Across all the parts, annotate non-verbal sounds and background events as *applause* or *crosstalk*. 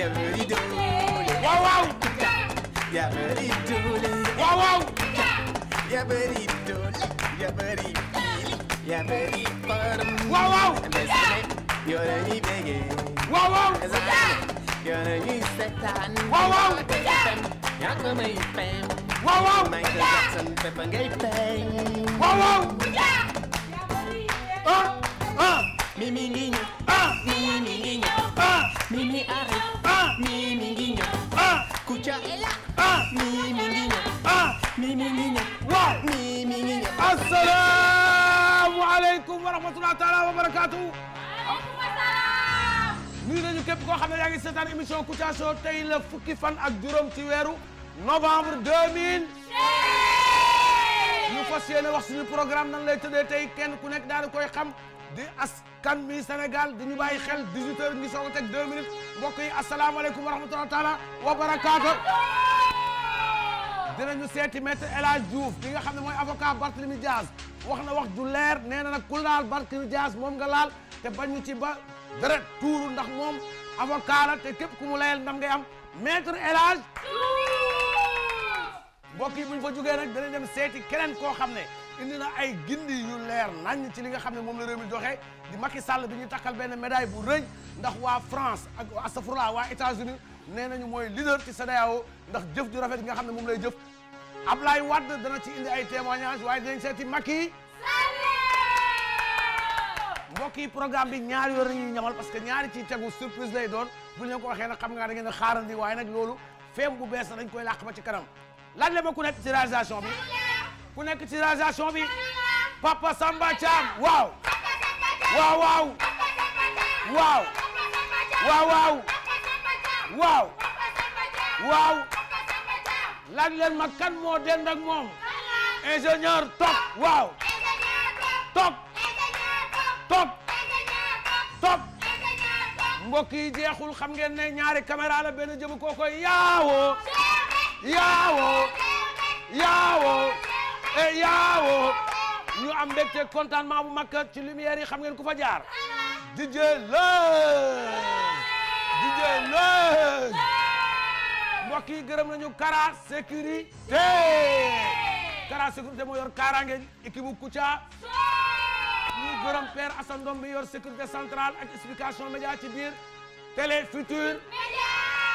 Yamari dole. Wow wow. Yamari dole. Wow wow. Yamari dole. Yamari dole. Yamari farm. Wow wow. You're a new beggar. Wow wow. You're a new satan. Wow wow. You're my fam. Wow wow. Michael Jackson, Peppa Gay Bang. Wow wow. Ah ah. Mimi Nino. Ah. Mimi Nino. Ah. Mimi Arif. escucha. ¡Ah! Mi, mi niña. ¡Ah! Mi, mi niña. ¡Wow! Mi, mi niña. asalaamu aleykum wa rahmatulah taala wa barakaatu. waaleykum salaam. nuyu nañu képp koo xam ne yaa ngi seetaan émission Kouthia Show tey la fukki fan ak juróom ci weeru novembre deux mille. ñu fas yéene wax suñu programme nan lay tëddee tey kenn ku nekk daal di koy xam di as. kan mi senegal di ñu bàyyi xel 18 heures ngi soog a teg 2 minutes mbokk yi asalaamaaleykum wa rahmatulah taala wa barakaatu. seeti maître El bi nga xam ne mooy avocat Barthélemy Diaz wax na wax ju leer nee na nag ku laal Barthélemy Diaz moom nga laal te bañu ci ba deret tuuru ndax moom avocat la te képp ku mu layal ndam ngay am maître El Hadj. mbokk yi bu dinañ dem seeti keneen koo xam ne. indi na ay gindi yu leer nañ ci li nga xam ne moom la réew mi joxe di Macky Sall bi ñuy takkal benn médaille bu rëy ndax waa France ak laa waa États-Unis nee nañu mooy leader ci CEDEAO ndax jëf ju rafet yi nga xam ne moom lay jëf Ablaye Wade dana ci indi ay témoignages waaye dinañ seeti Macky mbokk yi programme bi ñaari yoon lañuy ñamal parce que ñaari ci tegu surprise lay doon bu ko waxee nag xam nga da ngeen a xaarandi waaye nag loolu feem bu bees dañ koy làq ba ci kanam laaj la ma bi ku nekk ci réalisation bi Papa Samba Thiam waaw waaw waaw waaw ma kan moo dend moom ingénieur top waaw top top top mbokk yi jeexul xam ngeen ne ñaari caméra la benn jëmu kookoy yaawo yaawo e ñu am mbégte contentement bu mag ci lumière yi xam ngeen ku fa jaar DJ Leuz DJ gërëm nañu Kara sécurité Kara sécurité moo yor kaaraange équipe bu Kouthia ñu gërëm Père Assane Ndom mi yor sécurité centrale ak explication média ci biir Télé Futur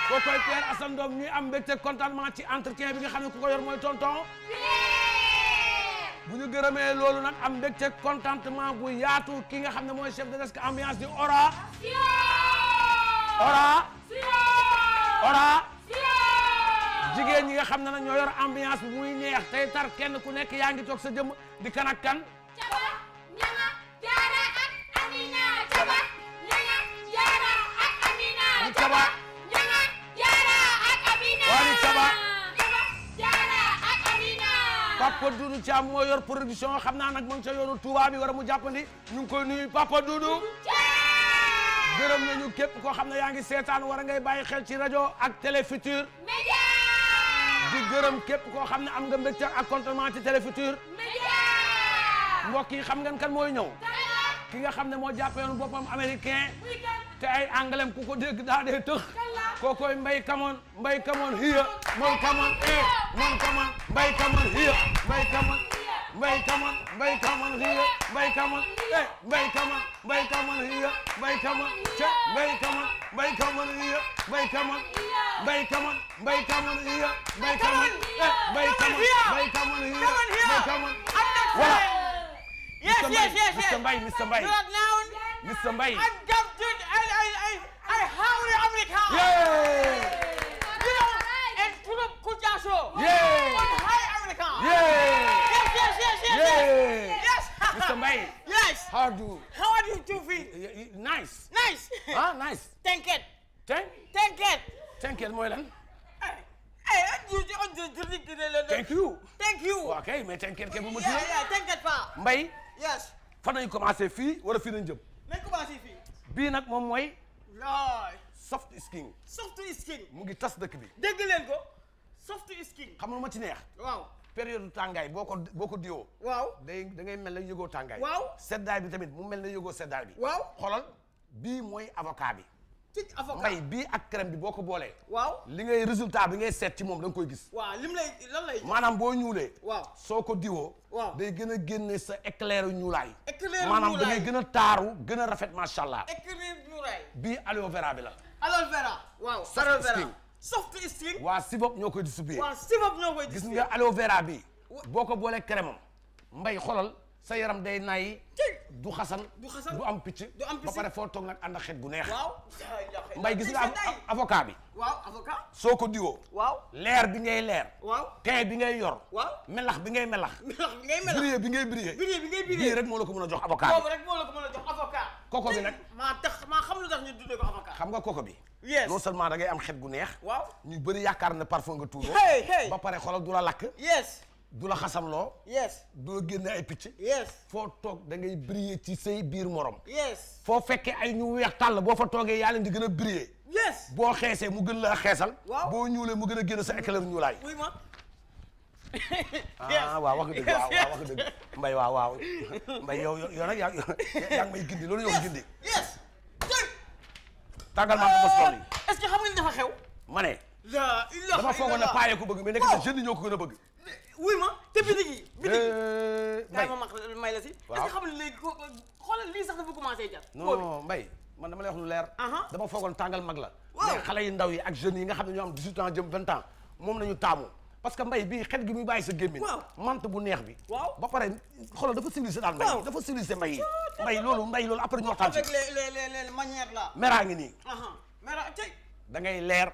kookoy Père Assane am mbégte contentement ci entretien bi nga xam ne ku ko yor mooy tonton bu ñu gërëmee loolu nag am mbégte contentement bu yaatu ki nga xam ne mooy chef de desk ambiance di Ora. Ora. Ora. jigéen ñi nga xam ne nag ñoo yor ambiance bi muy tar kenn ku nekk yaa ngi toog sa jëm di kan ak kan. Papa ci am moo yor production xam naa nag mu ngi ca yoonu Touba bi war a mu jàppandi ñu ngi koy nuyu Papa Doudou gërëm nañu képp koo xam ne yaa ngi seetaan war a ngay bàyyi xel ci rajo ak Télé Futur Média di gërëm képp koo xam ne am nga mbégte ak contement ci Télé Futur Média mbokk yi xam ngeen kan mooy ñëw ki nga xam ne moo jàpp yoonu boppam américain te ay anglais ku ko dégg daa dee tëx kookoy mbay kamoon mbay kamoon hiya moon kamoon e eh, moon kamoon mbay kamoon hiya mbay kamoon mbay kamoon mbay kamoon hiya mbay kamoon e mbay kamoon eh, mbay kamoon hiya mbay kamoon ca mbay kamoon mbay kamoon hiya mbay kamoon mbay kamoon mbay kamoon hiya mbay kamoon e mbay kamoon mbay kamoon hiya mbay kamoon eh, voilà Yes, Mr. yes, yes, yes. Mr. Mbaye, Mr. Mbaye. You are now. Mr. Mbaye. I'm dumb, dude. I, I, I, I howl America. Yeah. You know, and put up Kujaso. Yeah. On high America. Yeah. Yes, yes, yes, yes. Yeah. Yes. yes. Mr. Mbaye. *laughs* Yes. How do you? How are you two feet? Nice. Nice. *laughs* ah, nice. Thank it. Thank? Thank it. Thank it, mooy lan. Thank you. Thank you. Okay, mais thank it ke bu mu tudd. Yeah, yeah, thank it, Pa. Mbaye. yes fan nañ commencé fii wala fii nañ jëm nañ bii nag moom mooy laay soft skin soft skin mu ngi tas dëkk bi dégg leen ko soft skin xam nga ma ci neex waaw période tàngaay boo ko boo ko diwoo waaw da ngay mel na yëgoo tàngaay waaw seddaay bi tamit mu mel na yëgoo seddaay bi waaw xoolal bii mooy avocat bi tic avocat mbay bii ak crème bi boo ko boolee. waaw li ngay résultat bi ngay seet moom da koy gis. waaw lim lay lan lay. maanaam boo ñuulee. waaw soo ko diwoo. waaw day gën a génne sa éclaire ñuulaay. éclaire ñuulaay maanaam da ngay gën a taaru gën rafet macha allah. éclaire bii aloe vera bi la. aloe vera waaw. aloe vera soft string. waa Sibop ñoo koy distribué. waa Sibop ñoo koy distribué. gis nga aloe vera bi. boo ko boolee crème am mbay xolal. sa yaram day nayi. du xasan du xasan am picc. du am ba pare foo toog nag ànd ak xet gu neex. waaw mbay gis nga avocat bi. waaw avocat. soo ko diwoo. waaw leer bi ngay leer. waaw tey bi ngay yor. waaw melax bi ngay melax. bi ngay melax briller bi ngay briller. bi ngay briller rek moo la ko mën a jox avocat. boobu rek moo la ko mën a jox avocat. bi nag maa tax maa xam lu tax ñu tuddee xam nga koko bi. yes non seulement da ngay am xet gu neex. waaw ñu bëri yaakaar na parfum nga tuuroo. ba pare xolal du la lakk. yes du la xasamloo. yes doo la génne ay picc. foo toog dangay ngay ci say biir moroom foo fekkee ay ñu weex tàll boo fa toogee yaa leen di gën a briller. boo xeesee mu gën laa xeesal. waaw boo ñuulee mu gën a génn sa éclair ñuulaay. oui ma. ah waaw wax dëgg waaw waaw wax dëgg Mbaye waaw waaw yow yow nag yaa yaa may gindi loolu yow gindi. tàggal maa ko mos yi. est-ce que dafa xew. ma ne. la illah dama foogoon ne paa ko bëgg mais nekk na jeunes yi ñoo ko gën a bëgg. wuy ma te bitig yi. bitig yi euh, kay ma may la si. waaw est-ce que xam nga léegi xoolal lii sax dafa commencé jar. non man dama lay wax lu leer. dama foogoon tàngal mag la. waaw xale yu ndaw yi ak jeunes yi nga xam ne ñoo am 18 ans jëm 20 ans moom nañu taamu. parce que mbay bi xet gi muy bàyyi sa gémmiñ mant bu neex bi waaw ba pare xoolal dafa civilisé daal mbay dafa civilisé mbay yi mbay loolu mbay loolu après ñu waxtaan ci avec les les manières là meraa ngi nii mera da ngay leer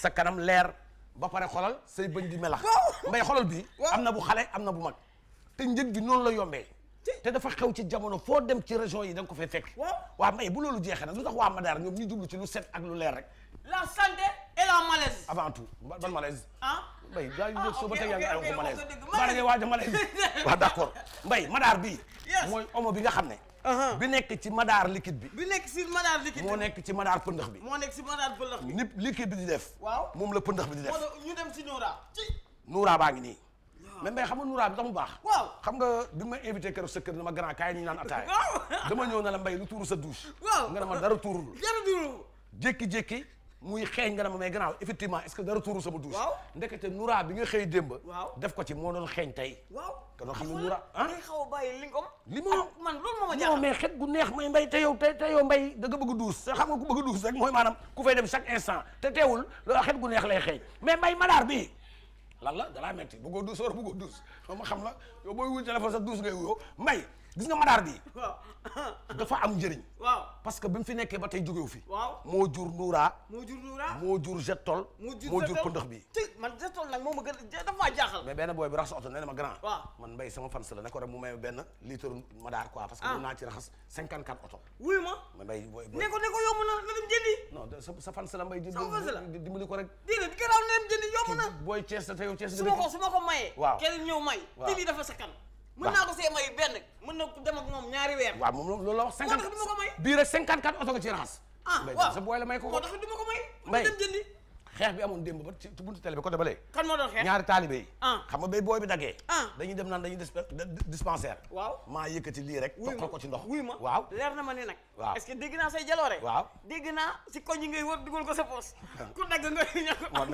sa kanam leer ba pare xolal say bëñ di melax mbay xolal bi am na bu xale am na bu mag te njëg bi noonu la yombee te dafa xew ci jamono foo dem ci région yi dan ko fay fekk waa mbay bu loolu jeexe nag lu tax waa Madaar ñoom ñu jublu ci lu set ak lu leer rek la santé et la malaise avant tout ban malaise ah mbay gaa yu jóg soo te tey yaa ngi ko malaise maa da ngay waaj a malaise *laughs* mbay Madaar bi mooy omo bi nga xam ne Uh-huh. bi nekk ci madaar liquide bi. bi nekk ci madaar liquide moo nekk ci madaar pëndax bi. moo nekk ci madaar pëndax bi. ni liquide bi di def. waaw moom la pëndax bi di def. ñu dem ci Noura. Noura baa ngi nii. mais mbay xam nga Noura bi tax mu baax. waaw xam nga bi ma invité keroog sa kër dama grand kaay ñu naan ataaya. *laughs* dama ñëw na la mbay lu tuuru sa douche. waaw ma dara tuurul. dara jékki-jékki. muy xeeñ nga ne ma mais gannaaw effectivement est-ce que dara tuuru sama douche. waaw ndekete nura bi nga xëy démb. def ko ci moo doon xeeñ tey. te doon xam ah? a bàyyi li mu ah, man loolu moo ma jaaxal non mais xet gu neex mbay te yow te te yow mbay da nga bëgg douche. te xam nga ku bëgg douche rek mooy maanaam ku fay dem chaque instant te teewul loolu xet gu neex lay xeeñ mais mbay ma madaar bi lan la dalaa metti bëggoo douche wala bëggoo douche ma xam la yow booy wul téléphone sax douche ngay wuyoo mbay gis na madaar bi dafa am njëriñ. waaw parce que bi mu fi nekkee ba tey jógewu fi. waaw moo jur Noura. moo jur Noura moo jur Jetol. moo jur moo jur bi. man Jetol nag moom a gën dafa maa jaaxal. mais benn booy bi raxas oto nee na ma grand. waaw man mbay sama fans la ne ko rek mu may benn litre madaar quoi. parce que mun ah. naa ci raxas cinquante quatre oto. wuyu ma ma mbay booy ne na na dem jëndi. non sa sa la mbay. sama fans la dimbali ko rek. déedéet garaaw na dem na. booy Cees la yow Cees. su ma ko su ma ko mayee. waaw kenn ñëw mën naa ko see may benn mën na dem ak moom ñaari may. bii cinquante quatre oto nga ci raxas. ah waaw booy la may ko. ko may. may dem jëndi. xeex ñaari taalibe yi. Ah. xam nga bay booy bi daggee. Ah. dañuy dem naan dañuy dispensaire. maa yëkkati lii rek. toqal ko ci ndox wuy ma waaw. leer na ma ni nag. que dégg naa say jaloore. waaw dégg naa si koñ yi ngay wër ko sa poos. *laughs* ku dagg nga *laughs* ñàkk am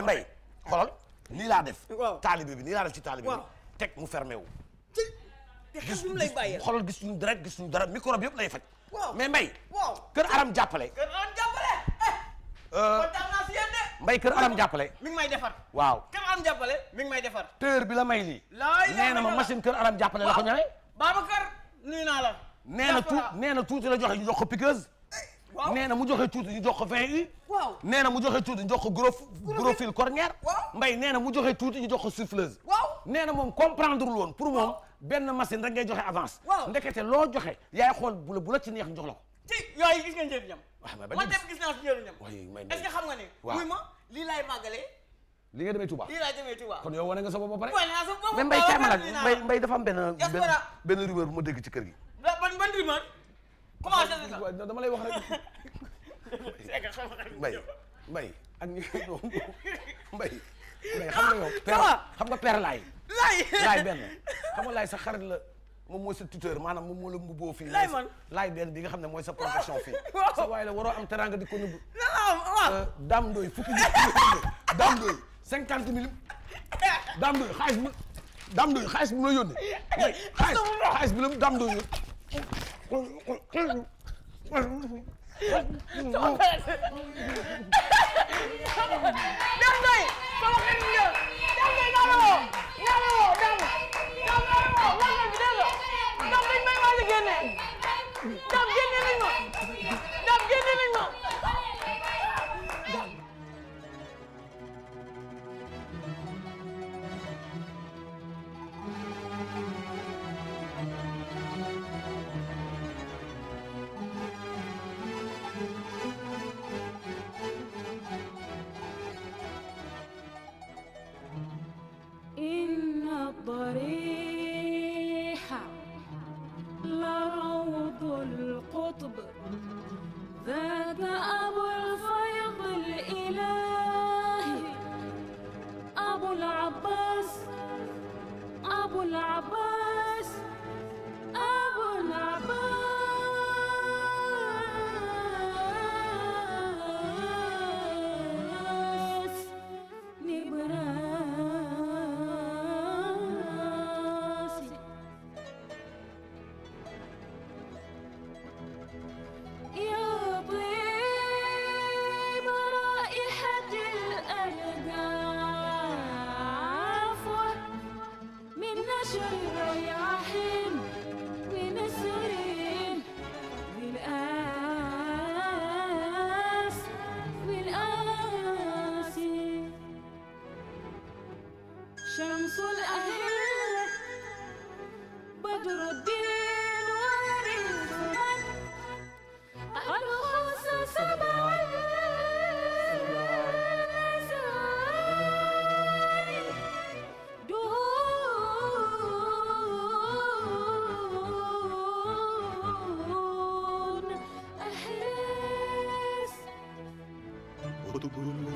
mbay xolal nii laa def. waaw taalibe bi nii laa def ci taalibe teg mu fermé wu. te xel mu lay bàyyee xoolal gis ñu dara gis ñu dara microbe yëpp lay faj. mais mbay. waaw kër aram jàppale. kër aram jàppale. kontaan eh, euh, naa jàppale. mi ngi may defar. waaw kër jàppale mi ngi may defar. teur bi la may lii. laay nee na ma machine kër aram jàppale la ko ñane. Babacar nuyu naa la. nee na tuuti na tuuti la joxe jox ko waaw nee na mu joxe tuuti ñu jox ko vingt u waaw nee na mu joxe tuuti ñu jox ko mu comprendre lu woon moom benn machine rek ngay joxe avance ndekete loo joxe yaay xool bu la bu la ci neex ñu jox la ko ci yooyu gis nga njëriñam man mbay kaay mbay dafa am benn benn rumeur ci kër gi commencé na dama lay wax rek. *laughs* mbay mbay ak ñi mbay mbay xam nga yow. Ah, xam nga père laay. laay benn xam nga sa xarit la. moom mooy sa tuteur maanaam moom moo la mbubboo fii. laay man laay benn bi nga xam ne mooy sa protection fii. *laughs* sa waaye la waroo am teranga di ko nëbb. waaw euh, Dame fukki nit Dame Ndoye cinquante mille. Dame Ndoye xaalis bi Dame Ndoye xaalis bi mu *laughs* la yónnee. dam *laughs*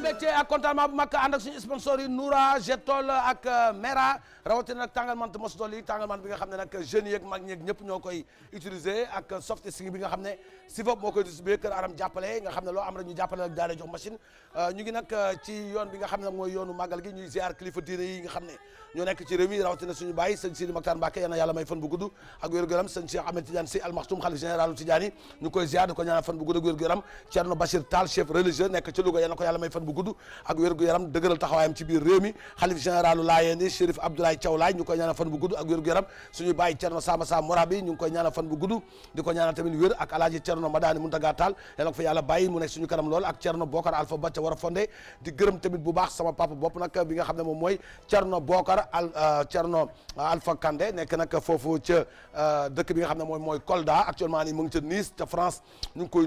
nañu mbégte ak contentement bu mag ànd ak suñu sponsor yi Noura Jetol ak euh, Mera rawatina nag tàngal mant mos bi nga xam ne nag jeunes yeeg mag ñeeg ñëpp ñoo ak soft sing bi nga xam ne si bopp moo koy euh, euh, yoon bi nga xam ne nag mooy yoonu gi ñuy ziar kilifa diine yi nga xam ne ñoo nekk ci réew rawatina suñu bàyyi sëñ Sidi Mokhtar Mbacke yal na yàlla may fan koy ziar fan bu gudd ak wér-gu-yaram Thierno Bachir Tall chef religieux nekk ci Louga yal ko yàlla may fan bu gudd ak wérgu yaram dëgëral taxawaayam ci biir réew mi xalif généralu Laayeen yi Chérif Abdoulaye Thiaw Laay ñu ngi koy ñaanal fan bu gudd ak wérgu yaram suñu bàyyi Cerno Sama Sama Morabi ñu koy ñaanal fan bu gudd di ko ñaanal tamit wér ak alaaji Cerno Madani Muntaga Taal yàlla ko fa yàlla bàyyi mu nekk suñu kanam lool ak Cerno Bokar Alpha Ba ca war a euh, euh, nekk nag foofu ca euh, dëkk bi nga xam ne mooy mooy Kolda actuellement nii mu ca Nice ca France ñu koy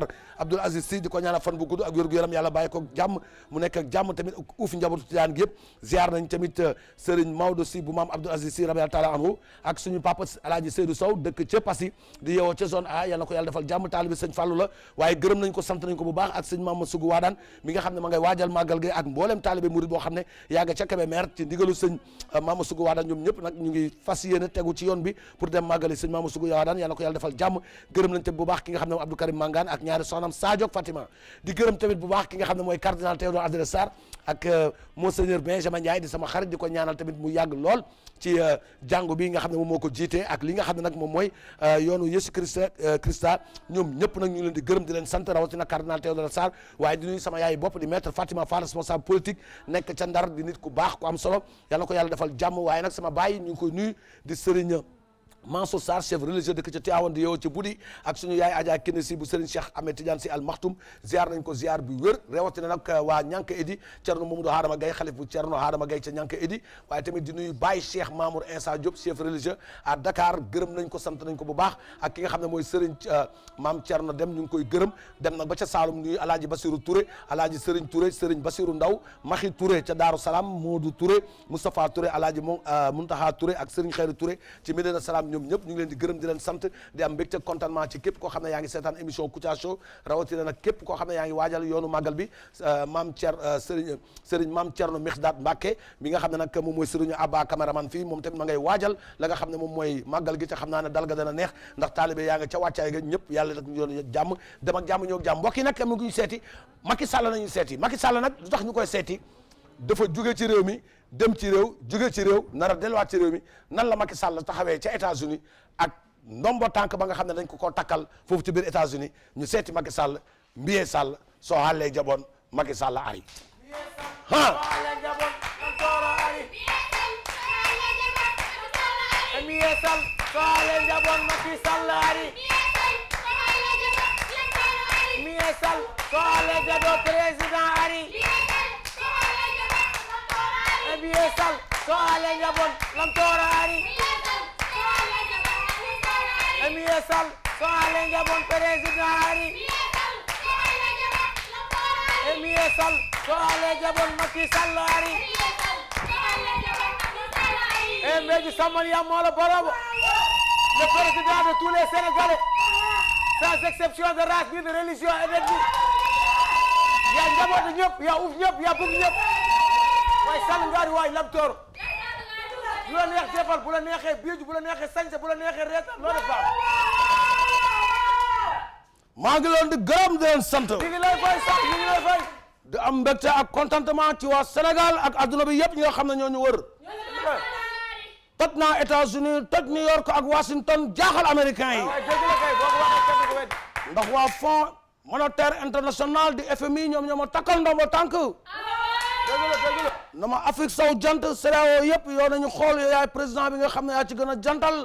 Babacar Abdoul Aziz Sy di ko ñaanal fan bu gudd ak wér gu yaram yàlla bàyyi ko jàmm mu nekk ak jàmm tamit uuf njabootu Tijaan gi yëpp ziar nañ tamit euh, Serigne Maodo Sy bu maam Abdoul Aziz Sy rabiyàlla taala anhu ak suñu papa Alaaji Seydou Sow dëkk ca Passy di yeewoo ca zone A yàlla na ko yàlla defal jàmm gërëm nañ ko bu baax ak nga xam euh, na ko Karim Mangane ñaari soxnaam Sadio ak Fatima di gërëm tamit bu baax ki nga xam ne mooy cardinal Théodore Adrien Sarr ak euh, monseigneur Benjamin Ndiaye di sama xarit di ko ñaanal tamit mu yàgg lool ci euh, jàngu bi nga xam ne moom moo ko jiite ak li nga xam ne nag moom mooy euh, yoonu Yesu Christ Christa ñoom ñëpp nag ñu leen di gërëm di leen sant rawatina cardinal Théodore Sarr waaye di nuyu sama yaay bopp di maître Fatima Fall responsable politique nekk ca Ndar di nit ku baax ku am solo yàlla ko yàlla defal jàmm waaye nag sama baay ñu ngi koy nuyu di Mansour Sarr chef religieux dëkk ca Tivaouane di yow Budi ak suñu yaay Adja Kine si bu Serigne Cheikh Ahmed Tidiane si Al Maktoum ziar nañ ko ziar bu wér rawatina nag euh, waa Ñanka Edi Thierno Mamadou Hadama Gaye xalif bu Thierno Hadama Gaye ca Ñanka Edi waaye tamit di nuyu Baye Cheikh Mamour Insa Diop chef religieux à Dakar gërëm nañ ko sant nañ ko bu baax ak ki nga xam ne mooy Serigne euh, Maam Thierno Dem ñu ngi koy gërëm dem nag ba ca Saalum nuyu Alaaji Basirou Touré Alaaji Serigne Touré Serigne Basirou Ndaw Maxi Touré ca Daaru Salaam Modou Touré Moustapha Touré Alaaji Muntaha euh, Touré ak Serigne Khayru Touré ci Medina Salaam seetaan ñoom ñëpp ñu ngi leen di gërëm di leen sant di am mbégte contentement ci képp koo xam ne yaa ngi seetaan émission Kouthia Show rawatina nag képp koo xam ne yaa ngi waajal yoonu màggal bi euh, maam Thier euh, Serigne Serigne maam Thierno Mixdaat Mbacke mi nga xam ne nag moom mooy Serigne Abba caméraman fii moom tamit ma ngay waajal la nga xam ne moom mooy màggal gi ca xam naa ne dal ga dana neex ndax taalibe yaa nga ca wàccaay ga ñëpp yàlla nag ñu doon jàmm dem ak jàmm ñëw jàmm mbokk yi nag am na ku ñu seeti Macky Sall nañu seeti Macky Sall nag lu tax ñu koy seeti dafa jóge ci réew dem ci réew jóge ci réew nar mi nan la Macky Sall taxawee ca États-Unis ak ndombo tànk ba nga xam ne dañ ko ko takkal foofu ci biir unis ñu seeti Macky Sall mbiyee Sall soo xaalee jaboon Macky Sall ari miyee Sall soo xaalee jaboon président ari. bi yeesal soo alee nga bon lam tooraari mi yeesal soo alee nga bon président ari mi yeesal soo alee nga bon Macky Sall ari e mbeji sammal yammoolo borobo le président de tous les Sénégalais sans exception de race ni de religion et d'ethnie yaa njaboot ñëpp yaa uf ñëpp yaa bëgg ñëpp waaye sàll ngaari waay lam toor lu la neex defal bu la neexee biiju bu la neexee sañse bu la neexee reetaan maa ngi leen di sant ñu ngi ak contentement ci waa Sénégal ak adduna bi yëpp ñi xam ne ñoo ñu wër toj naa États-Unis toj New York ak Washington jaaxal américain yi ndax waa Fonds monétaire international di FMI ñoom ñoo ma takkal ndombo tànk na ma Afrique saw jant CEDEAO yëpp yow nañu ñu yow yaay président bi nga xam ne yaa ci gën a jantal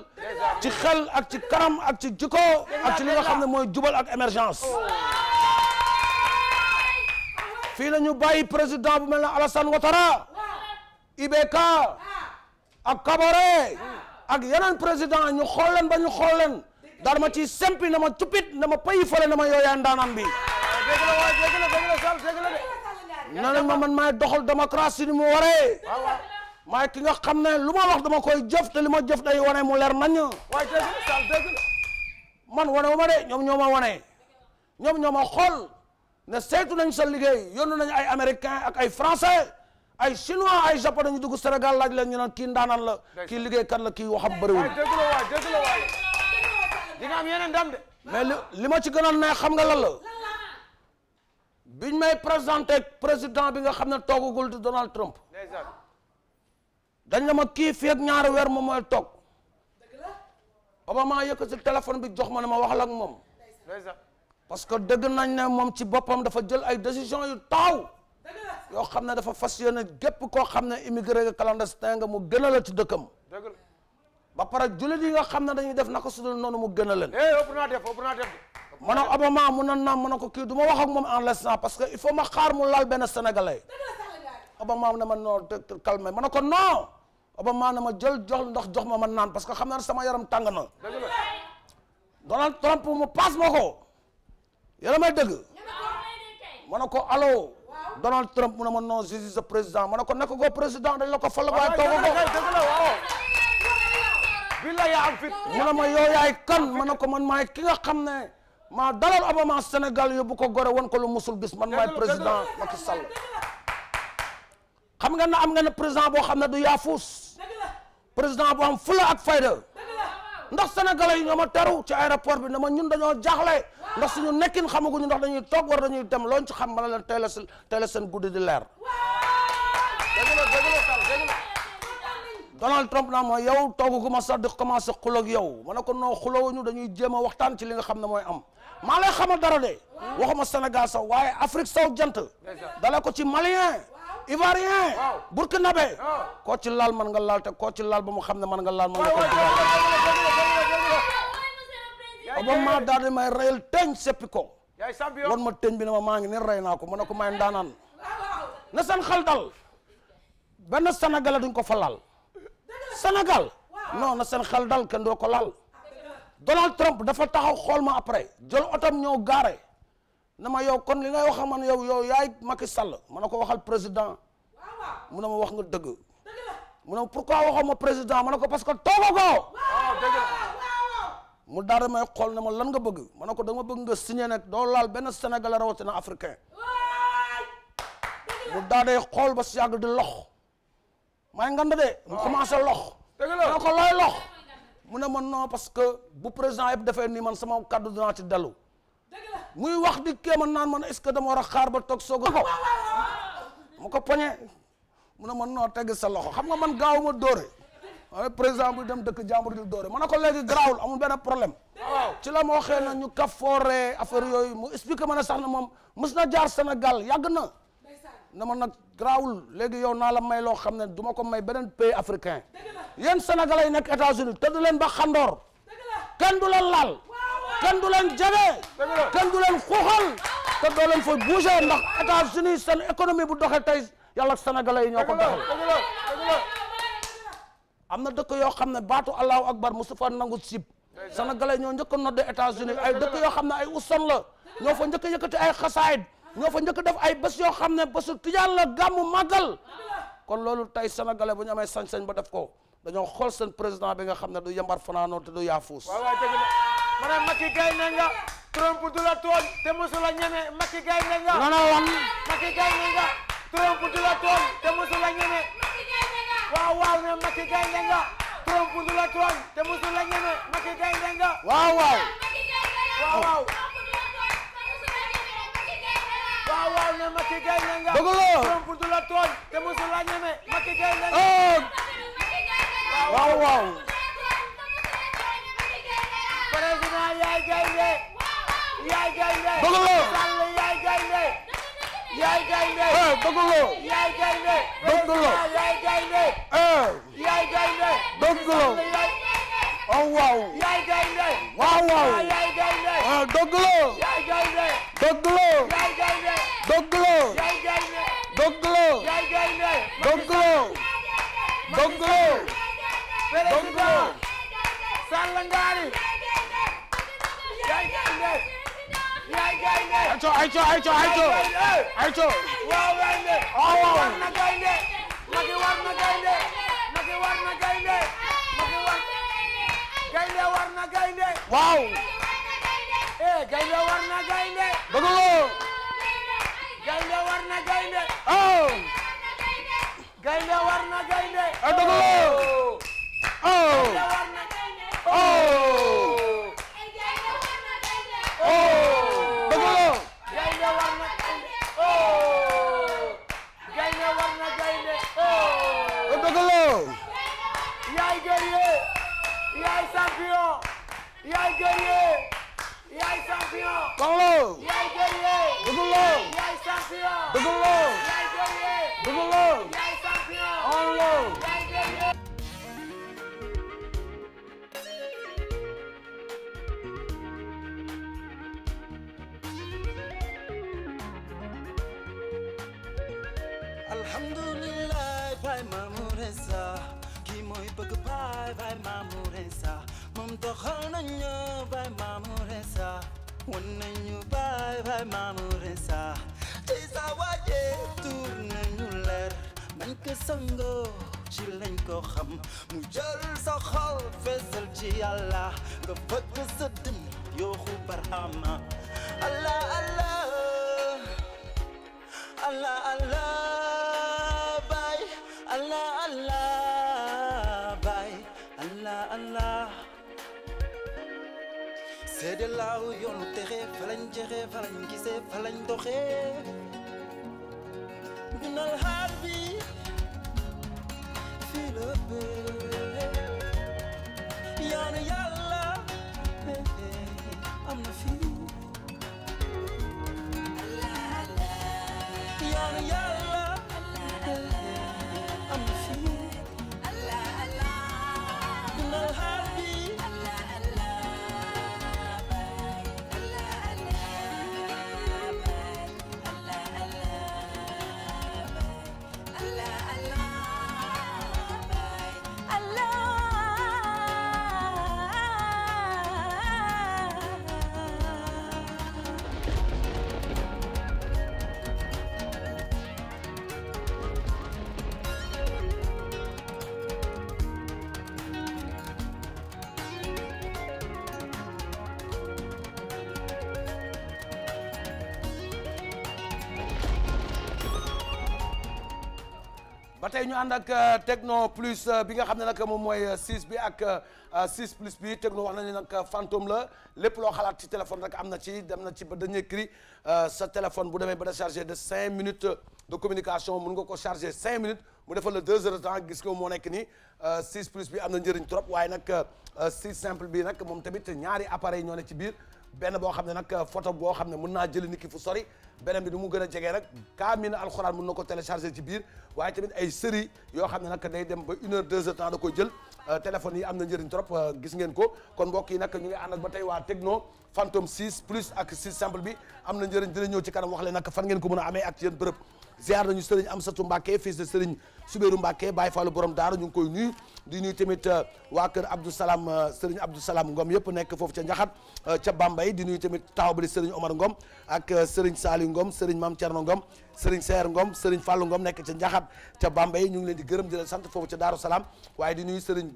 ci xel ak ci kanam ak ci jikko ak ci li nga xam ne mooy jubal ak émergence fii la ñu bàyyi président bu mel ne Alassane Ouattara IBK ak Kaboré ak yeneen président ñu xool leen ba ñu xool leen daal ma ci sempi na ma cupit na ma payi fale na ma yow yaay bi na ma man maay doxal démocratie ni mu waree maay ki nga xam ne lu ma wax dama koy jëf li ma jëf day wane mu leer nañ waaye dëgg la man wane wu ma de ñoom ñoo ma wane ñoom ñoo ma xool ne saytu nañ sa liggéey yónn nañ ay américain ak ay français ay chinois ay japonais ñu dugg Sénégal laaj leen ñu naan kii ndaanan la kii liggéeykat la kii waxam bëriwul dëgg la waay dëgg la waay am yeneen ndam de mais li ma ci gënoon ne xam nga lan la biñ may présenté président bi nga xam ne toogagul di Donald Trump dañ la ma kii fii ak ñaari weer moom mooy toog Obama yëkk si téléphone bi jox ma ne ma waxal ak moom parce que dëgg nañ ne moom ci boppam dafa jël ay décision yu taaw yoo xam ne dafa fas yéene gépp koo xam ne immigré nga clandestin nga mu gën a la ci dëkkam ba pare jullit yi nga xam ne dañuy def naka su dul noonu mu gën a leen. eh ëpp naa Obama mun na naam ma ne ko kii du ma wax ak moom en l'instant parce que il faut ma xaar mu lal benn sénégalais. Obama ne ma non calme ma ne ko non. Obama ne ma jël jox ndox jox ma ma naan parce que xam naa sama yaram tàng na. Donald Trump mu paas ma ko. yéen a may dëgg. ma ne ko allo. Donald Trump mu ne ma non je suis président ma ne ko nekk ko président dañ la ko fal waaye ah, toog billa yaa am fit mu ne ma yow yaay kan ma ne ko man maay ki nga xam ne maa dalal Obama Sénégal yóbbu ko gore won ko lu musul gis man maay président Macky Sall xam nga ne am nga ne président boo xam ne du yaafuus président bu am fula ak fayda ndax sénégalais yi ñoo ma teru ci aéroport bi ne ma ñun dañoo jaaxle ndax suñu nekkin xamaguñu ndax dañuy toog war dañuy dem ci xam ma ne leen tey la seen tey guddi di leer Donald Trump naa mooy yow toogu ma sax di commencé xuloog yow ma ko noo ñu dañuy jéem a waxtaan ci li nga xam ne mooy am maa lay xamal dara de waxuma Sénégal sax waaye Afrique saw jant dale ko ci malien ivoirien burkinabé ko ci laal man nga laal te koo ci laal ba mu xam ne man nga laal man nga ko ba maa daal di may ko wan ma teñ bi ne maa ngi ni rey naa ko ma ne ko may ndaanaan na seen xel dal benn Sénégalais duñ ko falal Sénégal non na seen xel dal kenn doo ko laal Donald Trump dafa taxaw xool ma après jël otom ñëw gaare na ma yow kon li nga wax man yow yow yaay Macky Sall ma ne ko waxal président mun ne ma wax nga dëgg mu ne ma pourquoi waxoo ma président ma ne ko parce que toogagoo ah, mu ma may xool na ma lan nga bëgg ma ne ko dama bëgg nga signé nag doo laal benn sénégalais rawatina africain mu daal day xool ba si yàgg di lox maa ne ngand de mu commencé lox danga ko looy lox mu ne man non parce que bu président yëpp defee nii man sama kaddu dinaa ci dellu muy wax di kee man naan man est-ce que dama war a xaar ba toog soog a mu ko poñe mu ne man noo tegg sa loxo xam nga man gaaw gaawuma dóore waaye président bu dem dëkk jàmbur di dóore ma ne ko léegi garaawul amul benn problème ci la mo waxee na ñu kafooree affaire yooyu mu expliqué ma ne sax na moom mës na jaar Sénégal yàgg na na ma nag garaawul léegi yow naa la may loo xam ne du ma ko may beneen pays africain yéen sénégalais yi nekk états-unis tëdd leen ba xandoor kenn du leen laal kenn du leen jege kenn du leen xuxal ndax états-unis seen économie bu doxee tey yàlla sénégalais yi ko doxal am na dëkk yoo xam ne baatu allahu akbar musu fa nangu sib sénégalais ñoo njëkk a nodde états-unis ay dëkk yoo xam ne ay ussan la ñoo fa njëkk a yëkkati ay xasaayid ñoo fa njëkk def ay bés yoo xam ne bésu tijaan la gàmmu màggal kon loolu tey sénégalais bu ñu amee sañ-sañ ba def ko dañoo xool seen président bi nga xam ne du yambar fanaanoo te du yaafuus waaw waaw dëgg la maanaam Macky gay na nga la tooñ te mosu la ñeme Macky gay waaw waaw waaw ne Macky gaynde nga. dëgg la te musu la ñeme Macky gaynde nga. waaw waaw. président yaay gaynde. yaay gaynde. dëgg la Sall yaay gaynde. yaay gaynde. Doglo Doglo Doglo Doglo Doglo Sallangari Yaay gaynde Yaay gaynde Ayco ayco ayco ayco Ayco Waaw gaynde Waaw war na gaynde Maki war na gaynde Maki war na gaynde Maki war Gaynde war na gaynde Waaw Eh gaynde war na gaynde Doglo gaynde war na gaynde. oh. gaynde war na gaynde. tey ñu ànd ak euh, techno plus euh, bi nga xam ne nag moom mooy 6 euh, bi ak 6 plus bi techno wax nañu nag fantôme la lépp loo xalaat ci téléphone rek am na ci dem na ci ba dañuy cri sa téléphone bu demee ba déchargé de 5 minutes de communication mun nga ko chargé 5 minutes mu defal la 2 heures de temps gis nga moo nekk ni 6 plus bi am na njëriñ trop waaye nag 6 simple bi nag moom tamit ñaari appareil ñoo ne ci biir. benn boo xam ne nag euh, photo boo xam ne mën naa jëli nit ki fu sori beneen bi nu mu gën a jegee rek kaamil alxuraan mun na ko télécharger ci biir waaye tamit ay série yoo xam ne nag day dem ba une heure deux heures temps da koy jël euh, téléphone yi am na njëriñ trop euh, gis ngeen ko kon mbokk yi nag ñu ngi ànd ak ba tey waa Tecno Phantom 6 plus ak 6 simple bi am na njëriñ dina ñëw ci kanam wax leen nag fan ngeen ko mun a amee ak ci yéen bërëb ziar nañu sëriñ Amsatu Mbàkke fils de sëriñ Subeeru Mbàkke Baay Fallu borom daara ñu ngi koy nuyu di nuyu tamit euh, waa kër Abdou Salam euh, sëriñ Abdou Salam Ngom yëpp nekk foofu ca Njaxat euh, ca Bambey di nuy tamit taaw bi sëriñ Omar Ngom ak sëriñ Saliou Ngom sëriñ Mam Cerno Ngom sëriñ Seer Ngom sëriñ Fàllu Ngom nekk ca Njaxat ca Bambey ñu ngi leen di gërëm di leen sant foofu ca Daaru Salam waaye di nuyu sëriñ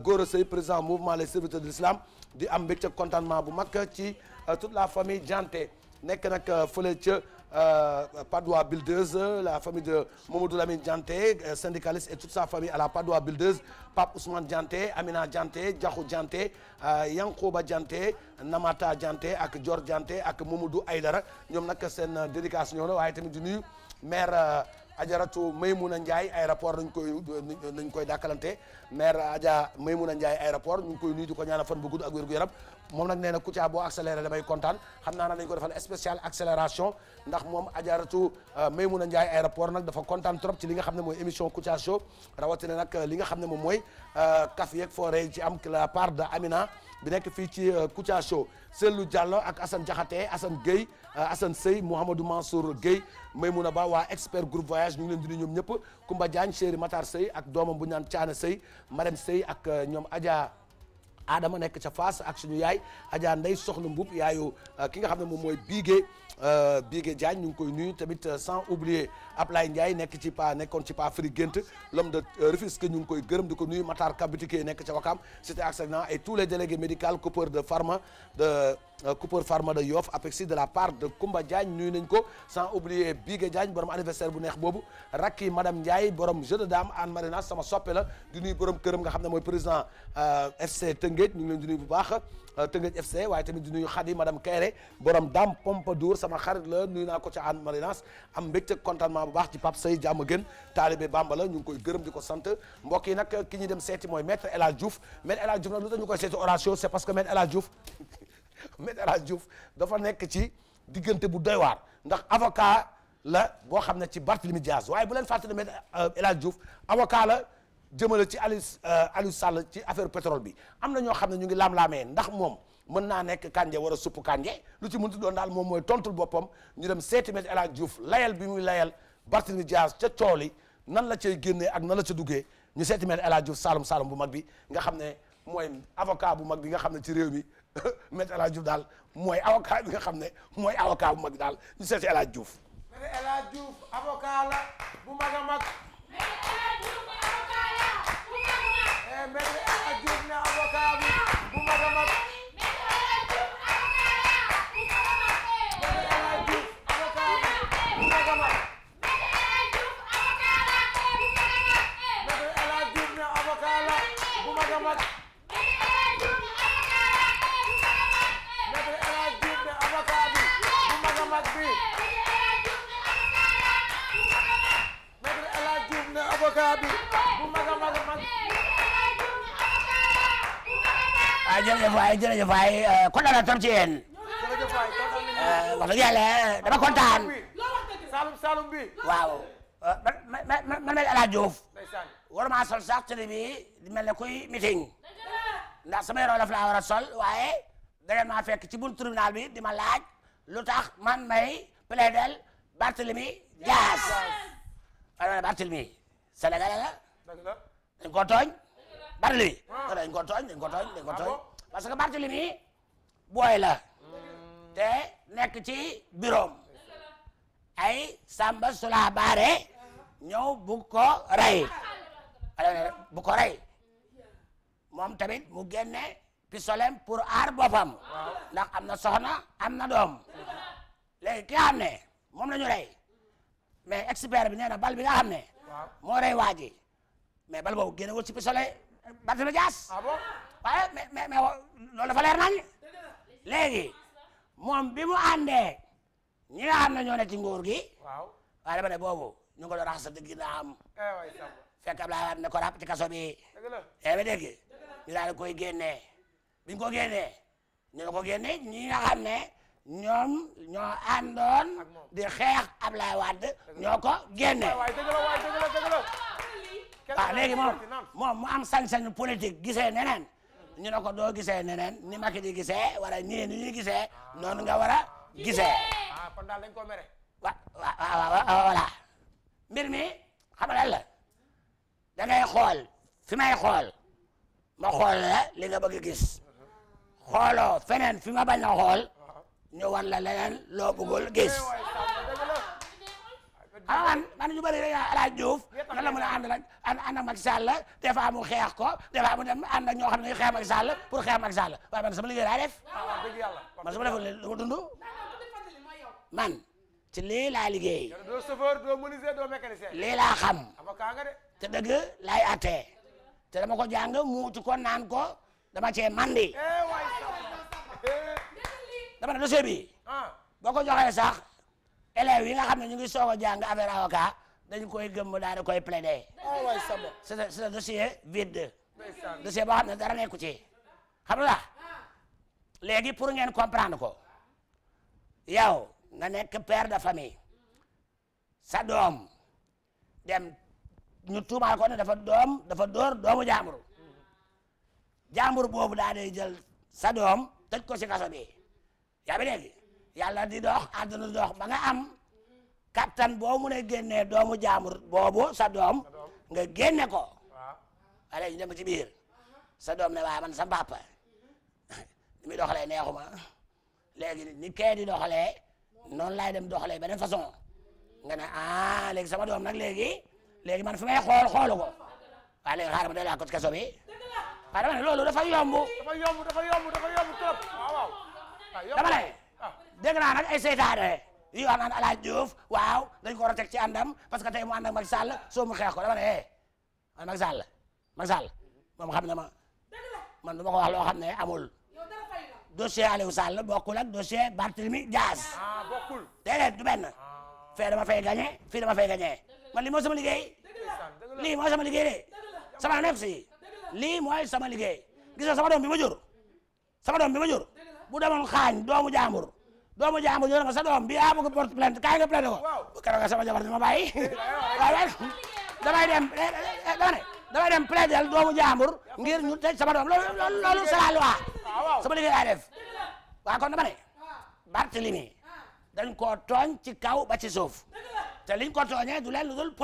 Gora Sey président mouvement les serviteurs de l'islam di am mbégte contentement bu mag ci toute la famille Dianté nekk nag fële ca Euh, Padois Builders la famille de Mamadou Lamine Dianté euh, syndicaliste et toute sa famille à la Padois Builders Pape Ousmane Dianté Amina Dianté Diakhou Dianté euh, Yankoba Dianté Namata Dianté ak Dior Dianté ak Mamadou Aydara ñoom nag seen dédication ñoo la waaye tamit di nuyu maire ajaratu Maymouna Ndiaye aéroport nañ koy nañ koy dàkkalante maire Adja Maymouna Ndiaye aéroport ñu ngi koy nuyu ko ñaanal fan bu gudd ak wér gu yaram moom nag nee na Kouthia boo damay kontaan xam naa na dañ ko defal spécial accélération ndax moom ajaratu euh, Maymouna Ndiaye aéroport nag dafa kontaan trop ci li nga xam ne mooy émission Kouthia Show rawatina nag li nga xam ne moom mooy kaf euh, yeeg foore ci am la part de Amina bi nekk fii ci euh, Kouthia Show Sellou Diallo ak Assane Diakhaté Assane Gueye euh, Assane Sey Mouhamadou Mansour Gueye Maymouna Ba waa expert groupe voyage ñu ngi leen di nuyu ñoom ñëpp Koumba Diagne Chéri Matar Sey ak doomam bu ñaan caana Sey Marème Sey ak euh, ñoom Adja Adama nekk ca Fass ak suñu yaay Adja Ndeye Soxna Mboup yaayu ki nga xam ne moom mooy Bigué Euh, Bigué Diagne ñu ngi koy nuyu tamit euh, sans oublier Ablaye Ndiaye nekk ci pa nekkoon ci pa gént l'homme de euh, Rufisque ñu ngi koy gërëm di ko nuyu Matar Kabitike nekk ca Wakam c'était excellent et tous les délégués médicaux coupeurs de pharma de Euh, Cooper Pharma de Yoff Apexi de la part de Koumba Diagne nuyu nañ ko sans oublier Bigué Diagne borom anniversaire bu neex boobu rakki madame Ndiaye borom jeu de dame Anne Marina sama soppe la di nuyu borom këram nga xam ne mooy président euh, FC Tëngéej ñu ngi bu baax euh, Tëngéej FC waaye tamit di nuyu Khady madame Kéré borom Dame Pompadour sama xarit la nuyu naa ko ca Anne Marinas am mbégte contentement bu baax ci Pape Seye jàmm gën taalibe Bamba la ngi koy gërëm di ko sant mbokk yi nag ki ñu dem mooy maître El Hadj Diouf que maître El *laughs* Me El Hadji Diouf dafa nekk ci diggante bu doy waar ndax avoca la boo xam ne ci Barthélemy Dias waaye bu leen fàttali Me euh, El Hadji Diouf avocat la jëmale ci Aliou euh, Aliou Sall ci affaire pétrole bi am na ñoo xam ne ñu ngi laam-laamee ndax moom mën naa nekk kànje wara a supp kànje lu ci mënti doon daal moom mooy tontul boppam ñu dem seeti Me El Hadji Diouf layal bi muy layal Barthélemy Dias ca cool yi nan la cay génnee ak nan la ca duggee ñu seeti Me El Hadji Diouf saalum saalum bu mag bi nga xam ne mooy avocat bu mag bi nga xam ne ci réew mi *laughs* maître El Hadj daal mooy avocat bi nga xam ne mooy avocat mag daal ñu seeti El Hadj Diouf. El Hadj Diouf bu mag a El Hadj Diouf bu mag a eh, El Hadj Diouf bu mag jërëjëf waay jërëjëf waay euh, kontaan naa euh, yàlla dama kontaan Saloum Saloum bi waaw euh, man man man El Hadj maa sol sax télé bi di mel ne kuy meeting ndax sama yoroo la laa war a sol waaye dangeen maa fekk ci bunt tribunal bi di ma laaj lu tax man may plaidel Barthélemy Dias waaye Barthélemy Sénégalais la dañ ko tooñ Barthélemy ah. dañ ko tooñ dañ ko dañ ko parce que Barthélemy booy la te nekk ci biroom ay Samba Sula Baare ñëw rey bu rey moom tamit mu génne pistolet pour aar boppam ndax am na soxna am na doom léegi ki nga xam ne moom la ñu rey expert bi nee na bal bi nga xam ne moo rey waa ji mais bal boobu génnewul ci pistolet waaye mais mais mais loolu leer nañu léegi moom bi mu àndee ñi nga xam ne ñoo ne ci nguur gi. waaw waaye dama ne boobu ñu ngi ko doon raxas dëgg gi naa am. fekk Abdoulaye ne ko ràpp ci kaso bi. yaa eh ñu daal di koy génnee biñ ko génnee ñu ne ko génnee ñi nga xam ne ñoom ñoo àndoon di xeex Abdoulaye Wade ñoo ko génnee. waaw ah, léegi moom moom mu am sañ-sañu politique gisee neneen. ñu ne ko doo gisee neneen ni Macky di gisee wala ñii ni ñuy gisee nga war a gisee. ah kon daal dañ ko mere. wa wa voilà mbir mi xamal la da ngay fi may xool ma xool la li nga bëgg gis xooloo feneen fi ma bañ a xool ñu wan la leneen loo bëggul gis. Eh man man ñu bëri dañuy El Hadj Diouf nan la mën a àndal ak ànd ak Macky ko des fois mu dem ànd ak ñoo xam ne xeex Macky Sall pour xeex Macky Sall waaye man sama liggéey laa ah, man sama defoon lu ma dund. man ci lii liggéey. doo chauffeur doo menuisier doo mécanicien. lii dama ko jàng muucu ko naan ko dama cee mandi. Eh, dama ne dossier bi. Ah. boo ko élèves yi nga xam ne ñu ngi soog a jàng affaire avocat dañ koy gëmm daal koy plaider. ah waay sabo c'est c'est un dossier vide. na boo xam ne dara nekku ci. xam nga léegi pour ngeen comprendre ko yow nga nekk père de famille sa doom dem ñu tuumaal ko ne dafa doom dafa dóor doomu jàmbur jàmbur boobu daal di jël sa doom tëj ko si kaso bi yàlla di dox àdduna dox ba nga am kattan boobu mun a génnee doomu jaamur boobu sa doom nga génne ko wala ñu dem ci biir sa doom ne waaye man sa papa li *laughs* muy doxalee neexuma léegi ni kee di doxalee noonu laay dem doxalee beneen façon nga ne ah léegi sama doom nag léegi léegi man fi may xool xoolu ko waaye léegi xaaral ma doy laa ko ci kaso bi waaye dama ne loolu dafa yomb dafa yomb dafa yomb dafa yomb trop waaw waaw dama ne dégg naa ay seytaane yu wax naan Alaaji Diouf waaw dañ ko war ci àndam parce que tey mu ànd ak Macky Sall soo mu xeex ko dama ne eh man Macky Sall Macky Sall ne ma man du ma ko ne amul dossier Aliou Sall bokkul ak dossier Barthélemy Dias ah, déedéet du benn ah. fee dama fay gagné fii dama fay gagné lii mooy sama liggéey lii mooy sama liggéey de sama doom bi ma jur sama doom bi ma jur bu demoon xaañ doomu jaambur doomu jàmbur ñoo ne ko sa doom bi yaa ah, bëgg porte plainte kaay nga plainte ko keroog sama jabar ni ma bàyyi *laughs* waaw waaw damay dem eh, eh, eh, dama ne damay dem plaidel doomu jàmbur ngir ñu tëj sama doom loolu loolu c'est la loi ah, def waaw kon dama ne Barthélemy dañ koo tooñ ci kaw ba ci suuf te liñ ko tooñee du leen lu dul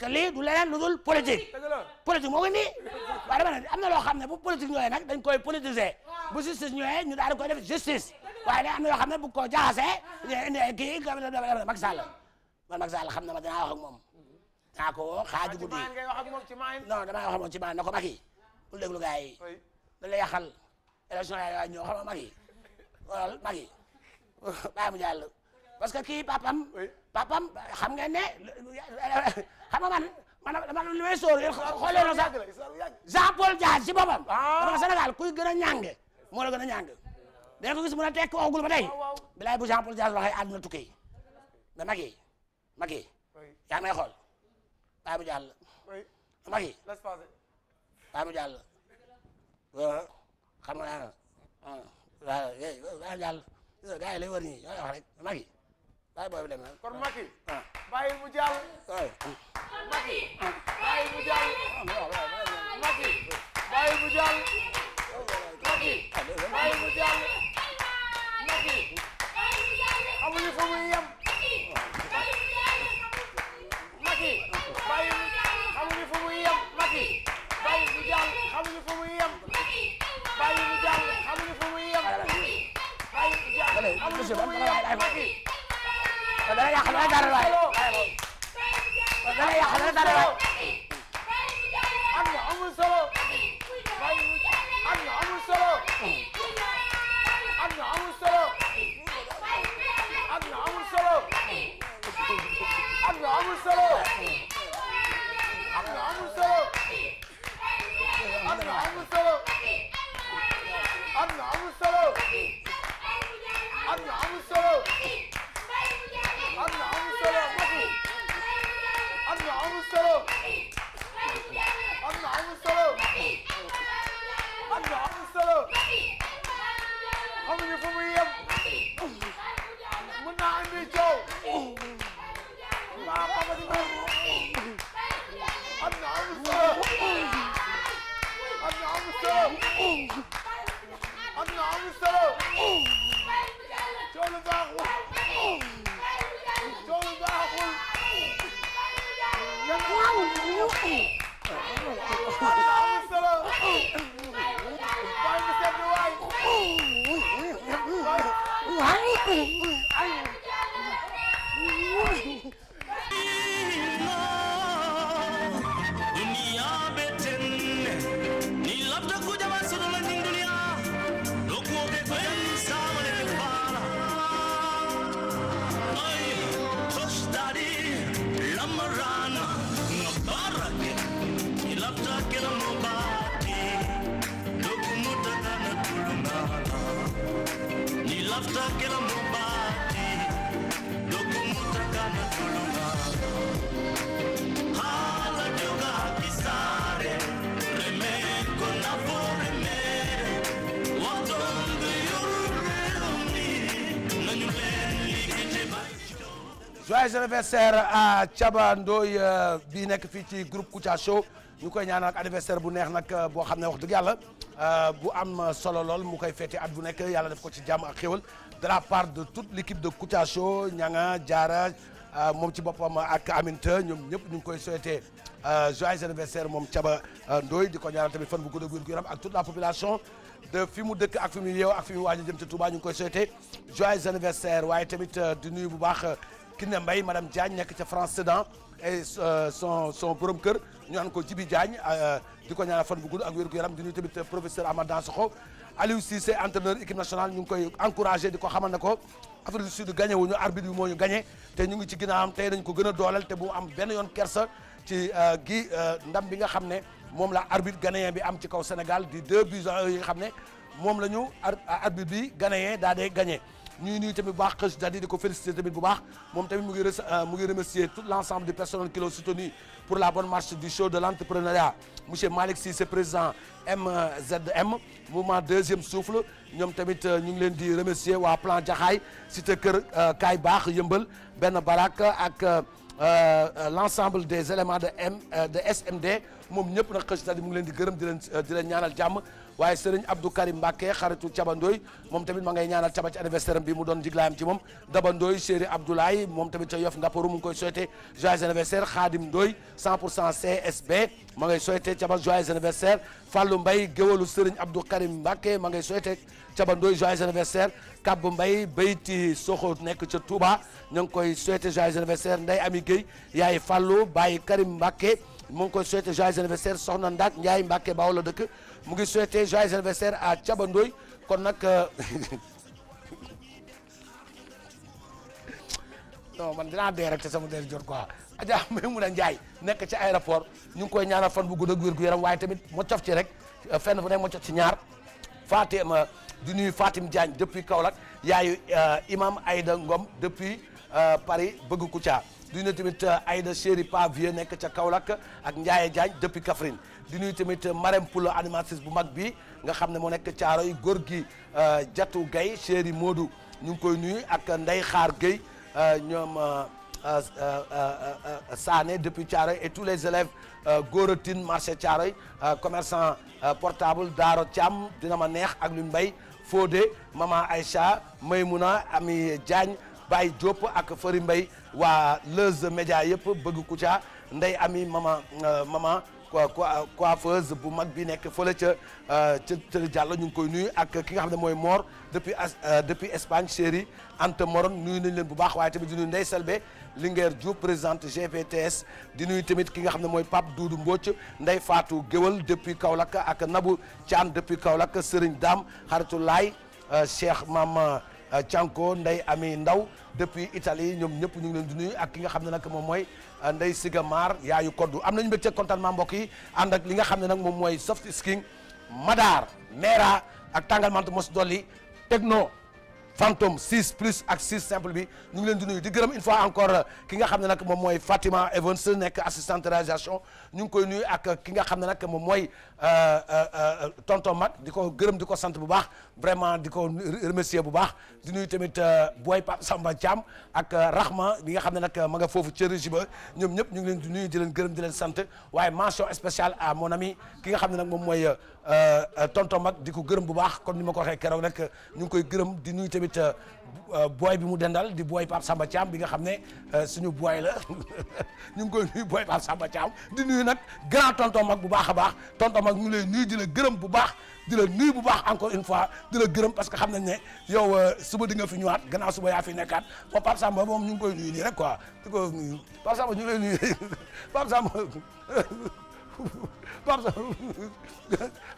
que lii du leneen lu dul politique politique moo ko nii waaye am na loo xam ne bu politique ñëwee nag dañ koy politiser bu justice ñëwee ñu daal di koy def justice waaye day am na yoo xam ne bu ko jaxasee kii Macky Sall man Macky Sall xam na ma danaa wax ak moom naa ko woo xaaju guddi non damaa wax ak moom ci maan na ko Macky bul déglu gars yi da lay yàqal élection yaay waay que kii papam papam xam ngeen nga man man man li may sóor yéen Jean Paul Dias ci boppam. waaw ah. Sénégal kuy gën a ñànge moo gën a ñànge. da ko gis mu ne tekk waxagul ba tey bilaay bu Jean Paul Diaz waxee àdduna tukki da mag yi mag yi yaa may xool bàyyi mu jàll mag yi bàyyi mu jàll xam nga naa waaw bàyyi jàll gars yi lay na xamuñu fu muy yem. Macky bàyyi xamuñu fu muy yem Macky bàyyi bu jàll xamuñu fu muy yem. bàyyi bu jàll xamuñu fu muy yem. bàyyi bu jàll xamuñu fu muy yem Macky. dana yàq dana dara waay dana yàq dana dara waay. am na amul solo bàyyi bu am na. amul solo amul solo amul solo amul solo ses anniversaire à Thiaba Ndoye euh, bi nekk fii ci groupe Kouthia Show ñu koy ñaanal ak anniversaire bu neex nag euh, boo xam ne wax dëgg yàlla euh, bu am solo lool mu koy feeti at bu nekk yàlla def ko ci jàmm ak xéwal de la part de toute l'équipe de Kouthia Show ñanga jaara moom ci boppam ak Aminta ñoom ñëpp ñu ngi koy souhaité joyeux anniversaire moom caba Ndoye di ko ñaanal tamit fan bu gudd ak wér gu ak toute la population de fi mu dëkk ak fi mu yeew ak fi mu waaj a jëm ci tubaa ñu ngi koy souhaité joyeux anniversaire waaye tamit di nuyu bu baax Kiné mbay madame Diagne nekk ca France Sedan et euh, son son borom kër ñu naan ko Jibi Diagne euh, di ko ñaanal fan bu gudd ak wér-gu-yaram di nuyu tamit professeur Amath Dansokho Aliou Cissé entraîneur équipe nationale ñu ngi koy encouragé di ko xaman ne ko Afrique du Sud gagné wu ñu arbitre bi moo ñu gagné te ñu ngi ci am tey dañ ko gën a dooleel te bu am benn yoon kersa ci euh, gi ndam bi nga xam ne moom la arbitre ghanéen bi am ci kaw Sénégal di deux buts yi nga xam ne moom la ñu arbitre bi ghanéen daa dee gagné. ñuy nuyu tamit bu baax Kheuch Dadi di ko féliciter tamit bu baax moom tamit mu ngi euh, mu ngi remercier tout l' ensemble du personnel qui l'ont soutenu pour la bonne marche du show de l' entrepreneuriat monsieur Malick Cissé président MZM mouvement deuxième souffle ñoom tamit euh, ñu ngi leen di remercier waa plan Jaxaay cité kër euh, Kaay Baax Yëmbal benn barak ak l' ensemble des éléments de M de SMD moom ñëpp nag Kheuch Dadi mu ngi leen di gërëm di leen di leen jàmm. waaye sëriñ Abdou Karim Mbacke xaritu cabandooy moom tamit ma ngay ñaanal caba ci anniversaire bi mu doon jiglaayam ci moom dabandooy chéri Abdoulaye moom tamit ca yof ngapparu mu ngi koy souhaité joyeux anniversaire Khadim Ndoy 100 pour cent CSB ma ngay souhaité caba joyeux anniversaire Fallou Mbaye géwalu sëriñ Abdou Karim Mbacke ma ngay souhaité caba ndooy joyeux anniversaire Kab Mbaye bayti soxo nekk ca Touba ñu ngi koy souhaité joyeux anniversaire Ndeye Ami Gueye yaay Fallou Baye Karim Mbacke mu ngi koy souhaité joyeux anniversaire soxna Ndak Ndiaye Mbacke Baaw la dëkk mu ngi souhaité joyeux anniversaire à Thiaba Ndoye kon nag euh, *laughs* non man dinaa dee rek te sama dee jot ajaa Adja a Ndiaye nekk ci aéroport ñu ngi koy ñaana fan bu gudd ak wér gu yaram waaye tamit mo cof ci rek euh, fenn fu nekk mo cof ci ñaar Fatima di nuyu faatim Diagne depuis kawlak yaayu euh, imam ayda Ngom depuis Paris bëgg ku Kouthia di nuyu tamit uh, Aïda Chéri Pa Vieux nekk ca Kaolack ak Ndiaye Diagne depuis Kaffrine di nuyu tamit uh, Marème Poulo animatrice bu mag bi nga xam ne moo nekk Thiaroye góor gi Jatu uh, Gaye Chéri Modou ñu ngi koy nuyu ak Ndey Xaar Gueye ñoom Sané depuis Thiaroye et tous les élèves Gorotine marché Thiaroye commerçant portable Daaro Thiam dina ma neex ak lu mbay Fodé maman Aïcha Maymouna Ami Diagne Baye Diop ak Fari Mbay waa Leuz Média yëpp bëgg Kouthia nday ami mama euh, mama coiffeuse bu mag bi nekk fële ca euh, ca ca Diallo ñu ngi koy nuyu ak ki nga xam ne mooy moor depuis euh, depuis Espagne chéri Anta Moron nuyu nañ leen bu baax waaye tamit di nuyu Ndeye Selbe Linguère Diop présidente GPTS di nuyu tamit ki nga xam ne mooy Pape Doudou Mbocc Ndeye faatu Géwal depuis Kaolack ak Nabou Thiam depuis Kaolack Serigne Dame xaritu Laay Cheikh Mama. Euh, Thianko Ndeye Ami Ndaw depuis Italie ñoom ñëpp ñu ngi leen di ak ki nga xam ne nag moom mooy euh, Ndeye Siga Mar yaayu koddu am nañu mbégte contentement mbokk yi ànd ak li nga xam ne nag moom mooy soft skin Madar Nera ak tàngal mant mos dolli Techno Phantom 6 plus ak 6 simple bi ñu ngi di nuyu di gërëm une fois encore euh, ki nga xam ne nag moom mooy Fatima Evans nekk assistante réalisation ñu ngi koy nuyu ak ki nga xam ne nag moom mooy Euh, euh, euh, tonton Mag di ko gërëm di ko sant bu baax vraiment di ko remercier bu baax di nuy tamit Boy Pape Samba Thiam ak Rahma bi nga xam ne nag ma nga foofu ca régie ba ñoom ñëpp ñu ngi leen di nuyu di leen gërëm di leen sant waaye mention spéciale à mon ki nga xam ne nag moom mooy tonton Mag di ko gërëm bu baax comme ni ma ko waxee keroog nag ñu ngi koy gërëm di nuyu tamit. Euh, booy bi mu dendal di booy Pape Samba Thiam bi nga xam ne euh, suñu booy la *laughs* ñu ngi koy nuyu booy Pape Samba Thiam di nuyu nag grand tonton mag bu baax a baax tonton mag ñu lay nuyu di la gërëm bu baax di la nuyu bu baax encore une fois di la gërëm parce que xam nañ ne yow euh, suba di nga fi ñëwaat gannaaw suba yaa fi nekkaat moom Pape Samba moom ñu ngi koy nuyu nii rek quoi ko nuyu Pape Samba ñu ngi lay nuyu *laughs* Samba. *laughs* Pape Samba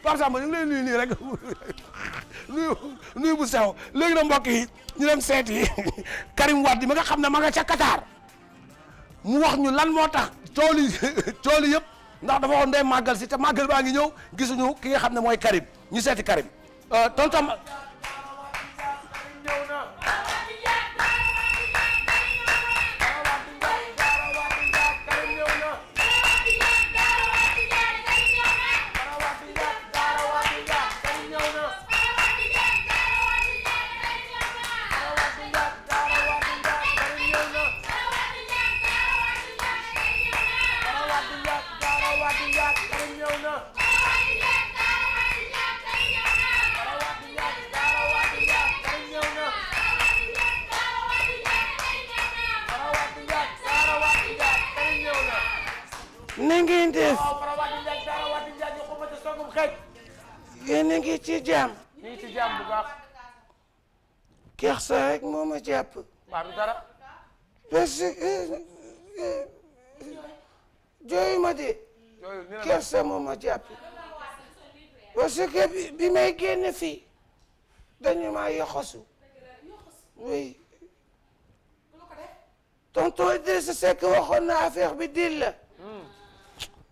Pape Samba ñu ngi lay nuyu nii rek nuyu bu sew léegi na mbokk yi ñu dem seeti Karim Wade mi nga xam ne ma nga ca mu wax ñu lan moo tax tool yi tool yëpp ndax dafa waxoon day màggal si te baa ngi ñëw gisuñu ki nga xam ne mooy Karim ñu seeti Karim euh, tontam. parce que bi may génn fii dañu ma yoxosu oui tonton Idrissa Seck waxoon na affaire bi dil la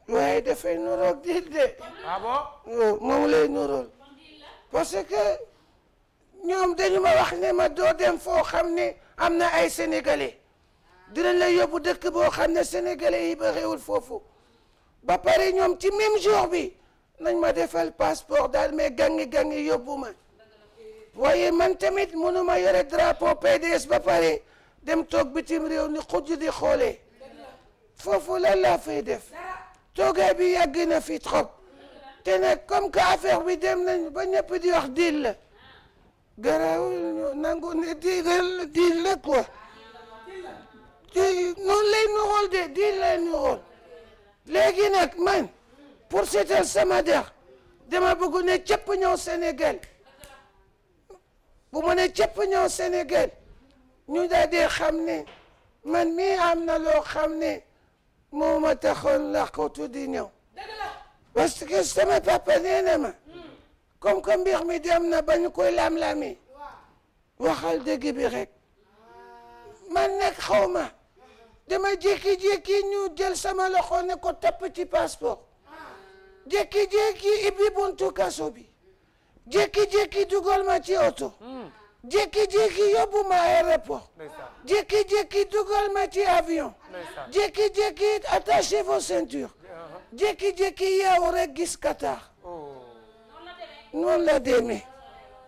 waaye dafay nuroog dil de ah moom lay nurool parce que ñoom dañu ma wax ne ma doo dem foo xam ne am na ay sénégalais dinañ la yóbbu dëkk boo xam ne sénégalais yi ba réewul foofu ba pare ñoom ci même jour bi nañ ma defal passeport daal mais gangi gangi yóbbu ma waaye man tamit mënuma yore drapeau PDS ba pare dem toog bitim réew ni xujj di xoolee foofu la laa fay def toogaay bi yàgg na fi trop te nag comme que affaire bi dem nañ ba ñëpp di wax diil la garaawul nangu ne diil la quoi lay ñu de diil lay ñu léegi nag man. pour seetal sama der dama bëgg ne cëpp ñëw Sénégal bu ma ne cëpp ñëw Sénégal ñu daal di xam ne man mii am na loo xam ne moo ma taxoon làqatu di ñëw parce sama papa nee na ma comme que mbir mi dem na ba ñu koy lam-lami waxal dëgg bi rek man nag xaw ma dama jékki-jékki ñu jël sama loxo ne ko tapp ci passeport jékki-jékki ibbi buntu kaso bi jékki-jékki dugal ci oto jékki-jékki yóbbu aéroport jékki-jékki dugal ci avion jékki-jékki attachez vos ceintures jékki-jékki yow rek gis Qatar noonu la demee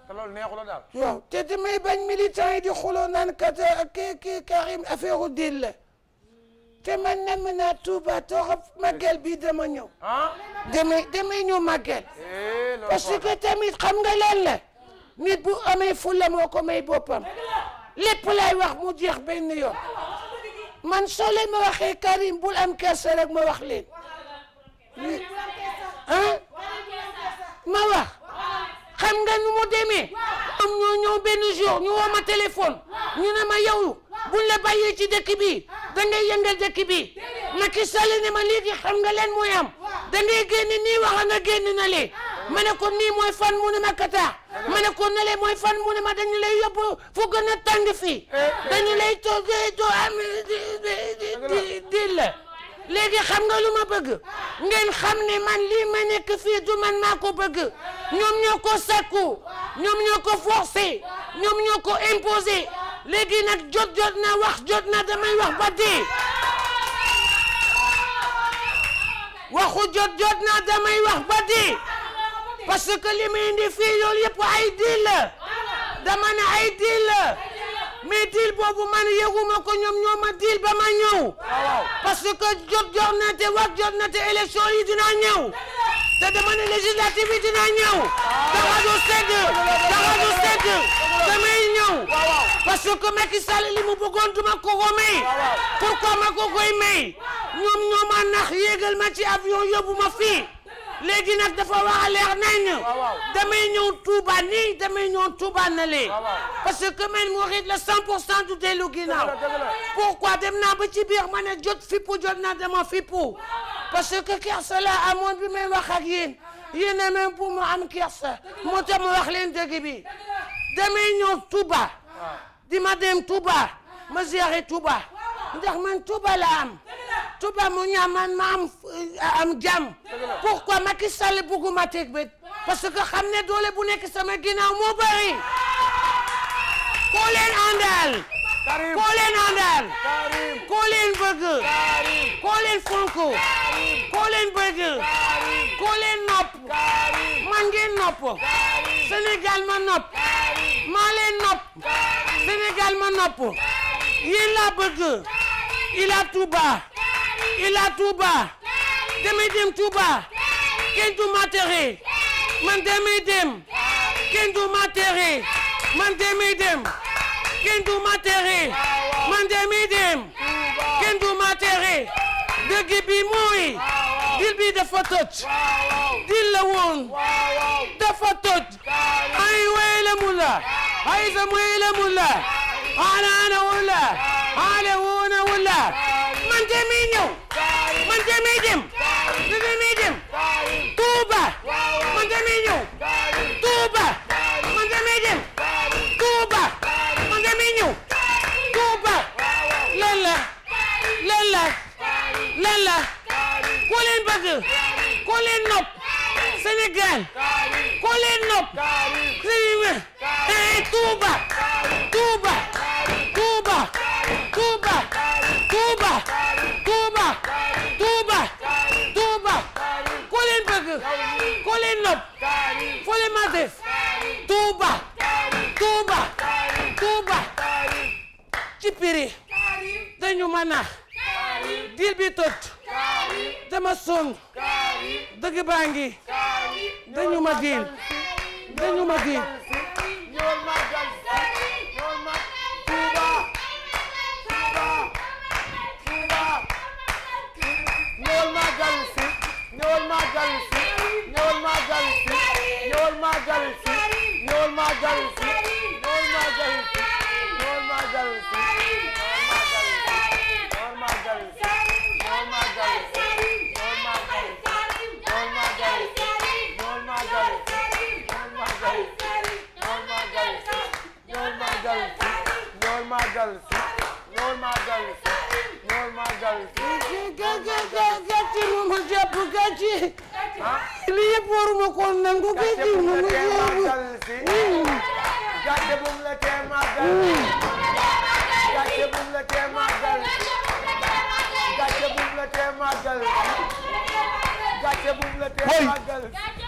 te loolu neexul bañ militant yi di xuloo naan Qatar ak kii Karim affaire te man namm naa Touba torop màggal bi dama ñëw. Ah. damay damay ñëw màggal. Eh, parce que tamit xam nga lan la. nit bu amee fulla moo ko may boppam. lépp laay wax mu jeex benn yoon. man soo ma waxee Karim bul am kersa rek ma wax leen. ma wax. xam nga nu mu demee. am ñoo ñëw benn jour ñu woo téléphone. ñu ne ma yow. buñ la bàyyee ci dëkk bi da ngay yëngal dëkk bi Macky Sall ne ma léegi xam nga leen da ngay génn nii waxa na génn na lee ma ne ko nii mooy fan mu ne ma kataa ma ne ko nale mooy fan mu ne ma dañu lay yóbbu fu gën a tàng fii dañu lay to do am di léegi xam nga lu ma bëgg ngeen xam ne man lii ma nekk fii du man maa ko bëgg ñoom ñoo ko sakku ñoom ñoo ko forcé imposé léegi nag jot jot na wax jot na damay wax ba dee parce que li ma indi fii loolu yëpp ay diil dama ne ay diil mais diil boobu man yëguma ko ñoom ñoo diil ba ma ñëw. parce que jot jot na te wax jot na te élection yi dina ñëw. te dama ne législative yi dina ñëw. dara du sedd dara du sedd damay ñëw. parce que Macky Sall li mu bëggoon duma ko ko may. pourquoi ma ko koy ñoom ñoo nax yéegal ma ci avion yóbbu ma fii. léegi nag dafa wax a leer nañ damay ñëw Touba nii damay ñëw Touba na lee parce que man murid la cent pour cent du dellu ginnaaw pourquoi dem ba ci biir ma ne jot fippu jot naa dama fippu parce que kersa la amoon bi may wax ak yéen yéen a même pour mu am kersa moo tax ma wax leen dëgg bi damay ñëw Touba di ma dem Touba ma ziare Touba ndax man Touba la am Touba mu ñaaman am am pourquoi Macky Sall bugguma teg bët parce que xam ne doole bu nekk sama gi moo bëri koo leen àndal koo leen bëgg koo leen fonk bëgg koo nopp man ngeen nopp Sénégal ma nopp maa nopp Sénégal ma nopp yéen laa bëgg il a Touba ila Touba. damay dem kenn du ma tere. kenn du ma tere. kenn du ma tere. bi mooy. dil bi dafa dil la woon. ay wey la mu ay sam wey la mu ana ana wala. ale woona wala. jéemee ñëw man jéemee jëm man jéemee jëm Touba man jéemee ñëw Touba man jéemee jëm Touba man jéemee ñëw Touba lan la lan la lan la koo leen bëgg koo leen nopp Sénégal koo leen nopp Sénégal Touba Touba leen nopp foo ci piri dañu ma nax dil bi tot dama sonn dëgg baa ngi dañu ma dil dañu ma ma galu si ñëwal ma galu ñëwal màggal si ñëwal màggal si ñëwal màggal si ñëwal màggal si ñëwal màggal si ñëwal màggal si ñëwal màggal si ñëwal màggal si ñëwal màggal si ñëwal màggal si ñëwal màggal si ñëwal màggal si gàcce mu ma jàpp gàcce li yëpp waruma nangu gàcce mu ma jàpp gàcce bu mu la tee màggal gàcce bu